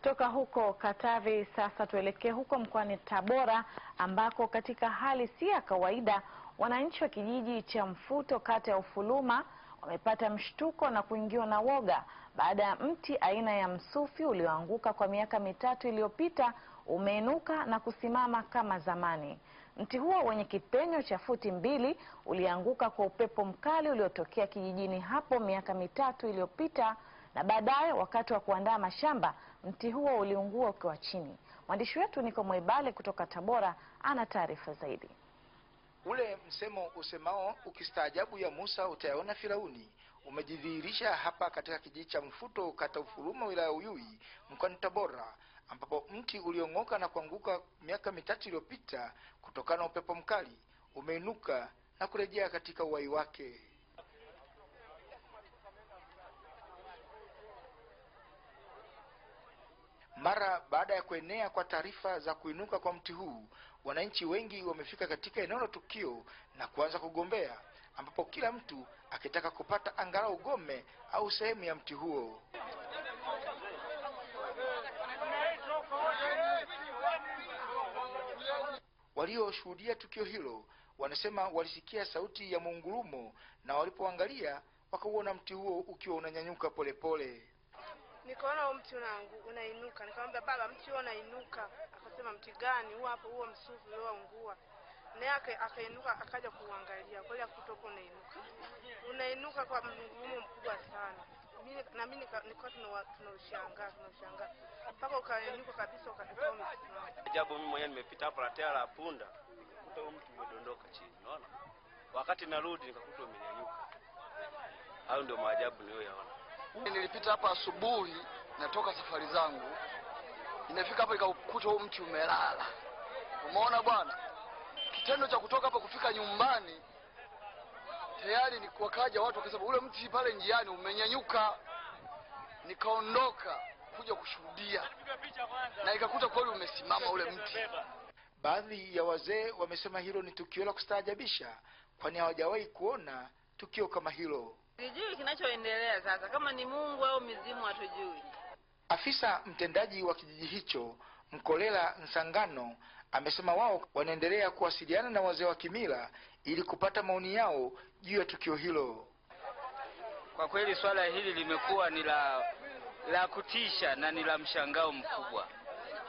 Kutoka huko Katavi sasa tuelekee huko mkoani Tabora ambako katika hali si ya kawaida wananchi wa kijiji cha Mfuto kata ya Ufuluma wamepata mshtuko na kuingiwa na woga baada ya mti aina ya msufi ulioanguka kwa miaka mitatu iliyopita umeinuka na kusimama kama zamani. Mti huo wenye kipenyo cha futi mbili ulianguka kwa upepo mkali uliotokea kijijini hapo miaka mitatu iliyopita na baadaye wakati wa kuandaa mashamba mti huo uliungua ukiwa chini. Mwandishi wetu Niko Mwebale kutoka Tabora ana taarifa zaidi. Ule msemo usemao ukistaajabu ya Musa utayaona Firauni umejidhihirisha hapa katika kijiji cha Mfuto, kata Ufuruma, wilaya Uyui, mkoani Tabora, ambapo mti uliong'oka na kuanguka miaka mitatu iliyopita kutokana na upepo mkali umeinuka na kurejea katika uhai wake. Mara baada ya kuenea kwa taarifa za kuinuka kwa mti huu, wananchi wengi wamefika katika eneo la tukio na kuanza kugombea, ambapo kila mtu akitaka kupata angalau gome au sehemu ya mti huo. Walioshuhudia tukio hilo wanasema walisikia sauti ya mungurumo na walipoangalia wakauona mti huo ukiwa unanyanyuka polepole pole nikaona mti unaangu unainuka, nikamwambia baba, mti huo unainuka. Akasema mti gani huo? Hapo huo msufu ulioangua. Naye akainuka akaja kuangalia, kweli akutoko unainuka, unainuka kwa mgumu mkubwa sana. Mimi na mimi nilikuwa tunaushangaa tunaushangaa mpaka ukainuka kabisa, ukafikao Ajabu, mimi mwenyewe nimepita hapo latea la punda, nikakuta huo mti umedondoka chini, unaona. Wakati narudi nikakuta umenyanyuka. Hayo ndio maajabu niliyoyaona. Nilipita hapa asubuhi, natoka safari zangu, inafika hapa ikakuta huu mti umelala. Umeona bwana, kitendo cha kutoka hapa kufika nyumbani tayari ni kwakaja watu wakasema ule mti pale njiani umenyanyuka. Nikaondoka kuja kushuhudia na ikakuta kweli umesimama ule mti. Baadhi ya wazee wamesema hilo ni tukio la kustaajabisha, kwani hawajawahi kuona tukio kama hilo. Sijui kinachoendelea sasa, kama ni Mungu au mizimu hatujui. Afisa mtendaji wa kijiji hicho Mkolela Nsangano amesema wao wanaendelea kuwasiliana na wazee wa kimila ili kupata maoni yao juu ya tukio hilo. Kwa kweli swala hili limekuwa ni la, la kutisha na ni la mshangao mkubwa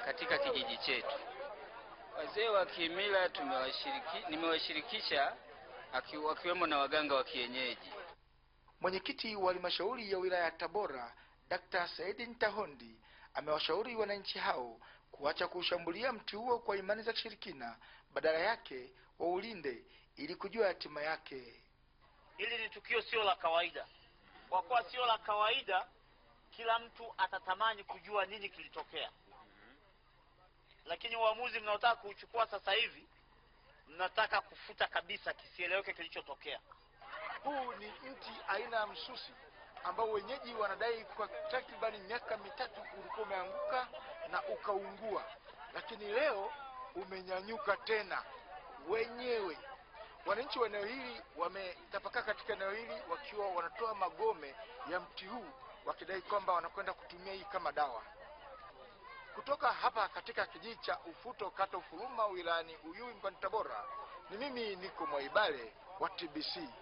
katika kijiji chetu. Wazee wa kimila tumewashiriki, nimewashirikisha akiwemo na waganga wa kienyeji Mwenyekiti wa halmashauri ya wilaya ya Tabora Dkt. Saidi Ntahondi amewashauri wananchi hao kuacha kuushambulia mti huo kwa imani za kishirikina, badala yake waulinde ili kujua hatima yake. Hili ni tukio sio la kawaida. Kwa kuwa sio la kawaida, kila mtu atatamani kujua nini kilitokea, lakini uamuzi mnaotaka kuuchukua sasa hivi, mnataka kufuta kabisa kisieleweke kilichotokea. Huu ni mti aina ya msusi ambao wenyeji wanadai kwa takribani miaka mitatu ulikuwa umeanguka na ukaungua, lakini leo umenyanyuka tena wenyewe. Wananchi wa eneo hili wametapakaa katika eneo hili wakiwa wanatoa magome ya mti huu wakidai kwamba wanakwenda kutumia hii kama dawa. Kutoka hapa katika kijiji cha Ufuto, kata Ufuruma, wilayani Uyui, mkoani Tabora, ni mimi niko Mwaibale wa TBC.